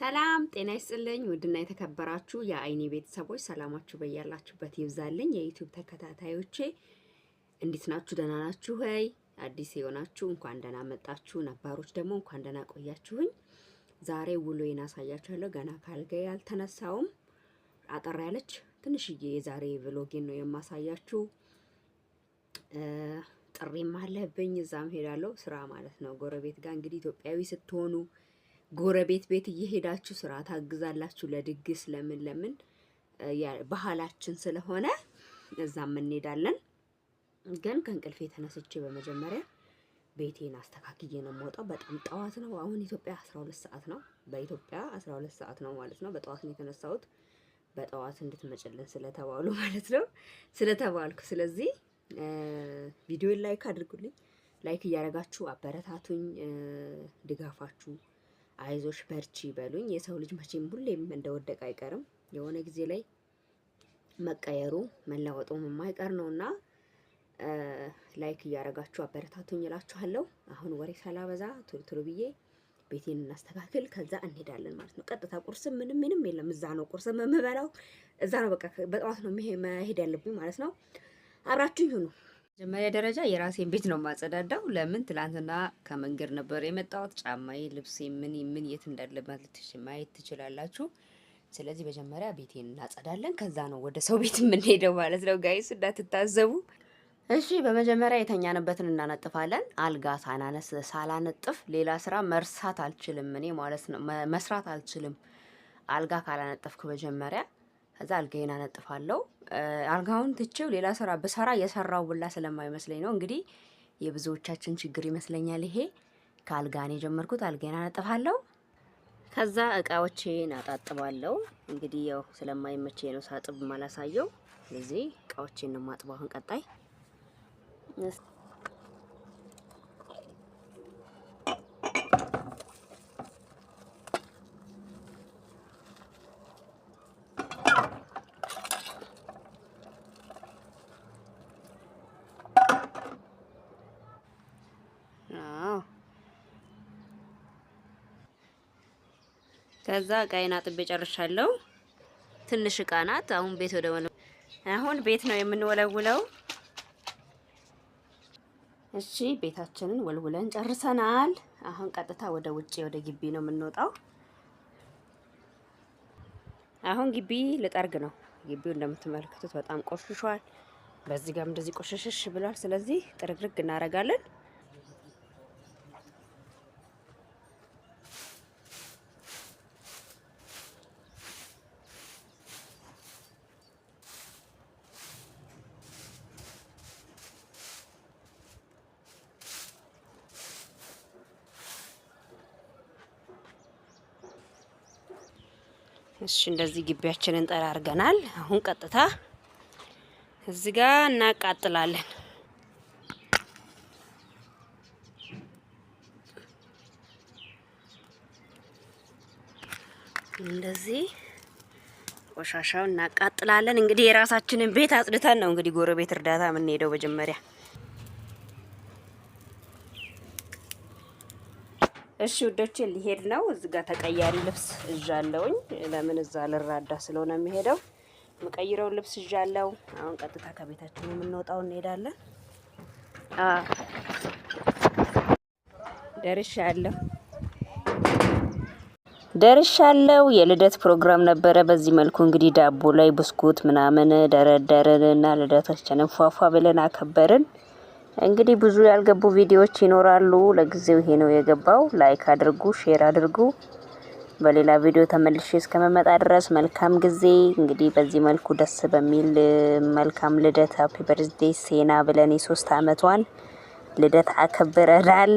ሰላም ጤና ይስጥልኝ። ውድና የተከበራችሁ የአይኔ ቤተሰቦች ሰላማችሁ በያላችሁበት ይብዛልኝ። የዩቲዩብ ተከታታዮቼ እንዴት ናችሁ? ደህና ናችሁ ወይ? አዲስ የሆናችሁ እንኳን ደህና መጣችሁ፣ ነባሮች ደግሞ እንኳን ደህና ቆያችሁኝ። ዛሬ ውሎዬን አሳያችኋለሁ። ገና ካልጋዬ አልተነሳውም። አጠር ያለች ትንሽዬ የዛሬ ብሎጌን ነው የማሳያችሁ። ጥሪም አለብኝ፣ እዛም ሄዳለሁ፣ ስራ ማለት ነው። ጎረቤት ጋር እንግዲህ ኢትዮጵያዊ ስትሆኑ ጎረቤት ቤት እየሄዳችሁ ስራ ታግዛላችሁ። ለድግስ ለምን ለምን ባህላችን ስለሆነ እዛም እንሄዳለን። ግን ከእንቅልፌ ተነስቼ በመጀመሪያ ቤቴን አስተካክዬ ነው የምወጣው። በጣም ጠዋት ነው። አሁን ኢትዮጵያ 12 ሰዓት ነው። በኢትዮጵያ 12 ሰዓት ነው ማለት ነው። በጠዋት ነው የተነሳሁት። በጠዋት እንድትመጭልን ስለተባሉ ማለት ነው ስለተባልኩ። ስለዚህ ቪዲዮን ላይክ አድርጉልኝ። ላይክ እያደረጋችሁ አበረታቱኝ። ድጋፋችሁ አይዞሽ በርቺ በሉኝ። የሰው ልጅ መቼም ሁሌም እንደወደቀ አይቀርም። የሆነ ጊዜ ላይ መቀየሩ መለወጡ የማይቀር ነውና ላይክ እያደረጋችሁ አበረታቱኝ እላችኋለሁ። አሁን ወሬ ሳላበዛ ቶሎ ቶሎ ብዬ ቤቴን እናስተካክል፣ ከዛ እንሄዳለን ማለት ነው። ቀጥታ ቁርስም ምንም ምንም የለም። እዛ ነው ቁርስ የምበላው፣ እዛ ነው በቃ በጠዋት ነው መሄድ ያለብኝ ማለት ነው። አብራችሁኝ ሁኑ። መጀመሪያ ደረጃ የራሴን ቤት ነው የማጸዳዳው። ለምን ትላንትና ከመንገድ ነበር የመጣሁት። ጫማዬ፣ ልብሴ ምን ምን የት እንዳለ ማየት ትችላላችሁ። ስለዚህ መጀመሪያ ቤቴን እናጸዳለን፣ ከዛ ነው ወደ ሰው ቤት የምንሄደው ማለት ነው። ጋይስ እንዳትታዘቡ እሺ። በመጀመሪያ የተኛንበትን እናነጥፋለን። አልጋ ሳናነስ ሳላነጥፍ ሌላ ስራ መርሳት አልችልም እኔ ማለት ነው፣ መስራት አልችልም አልጋ ካላነጠፍኩ መጀመሪያ ከዛ አልጋዬን አነጥፋለሁ። አልጋውን ትቼው ሌላ ስራ ብሰራ የሰራው ብላ ስለማይመስለኝ ነው። እንግዲህ የብዙዎቻችን ችግር ይመስለኛል ይሄ። ከአልጋን የጀመርኩት አልጋዬን አነጥፋለሁ። ከዛ እቃዎቼን አጣጥባለሁ። እንግዲህ ያው ስለማይመቼ ነው ሳጥብ ማላሳየው። ስለዚህ እቃዎቼን ነው ማጥባሁን ቀጣይ ከዛ እቃዬን አጥቤ ጨርሻለሁ። ትንሽ እቃ ናት። አሁን ቤት ወደ አሁን ቤት ነው የምንወለውለው። እሺ ቤታችንን ወልውለን ጨርሰናል። አሁን ቀጥታ ወደ ውጪ ወደ ግቢ ነው የምንወጣው። አሁን ግቢ ልጠርግ ነው። ግቢው እንደምትመለከቱት በጣም ቆሽሿል። በዚህ ጋር እንደዚህ ቆሸሸሽ ብሏል። ስለዚህ ጥርግርግ እናደርጋለን። እሺ እንደዚህ ግቢያችንን ጠራርገናል። አሁን ቀጥታ እዚህ ጋር እናቃጥላለን። እንደዚህ ቆሻሻው እናቃጥላለን። እንግዲህ የራሳችንን ቤት አጽድተን ነው እንግዲህ ጎረቤት እርዳታ የምንሄደው መጀመሪያ እሺ ውዶቼ ሊሄድ ነው። እዚህ ጋር ተቀያሪ ልብስ እዣለውኝ። ለምን እዛ ልራዳ ስለሆነ የሚሄደው የምቀይረውን ልብስ እዣለው። አሁን ቀጥታ ከቤታችን የምንወጣው እንሄዳለን። ደርሻለሁ ደርሻለሁ። የልደት ፕሮግራም ነበረ። በዚህ መልኩ እንግዲህ ዳቦ ላይ ብስኩት ምናምን ደረደርን እና ልደታችንን ፏፏ ብለን አከበርን። እንግዲህ ብዙ ያልገቡ ቪዲዮዎች ይኖራሉ። ለጊዜው ይሄ ነው የገባው። ላይክ አድርጉ፣ ሼር አድርጉ። በሌላ ቪዲዮ ተመልሼ እስከመመጣ ድረስ መልካም ጊዜ። እንግዲህ በዚህ መልኩ ደስ በሚል መልካም ልደት፣ ሀፒ በርዝዴ ሴና ብለን የሶስት አመቷን ልደት አከብረናል።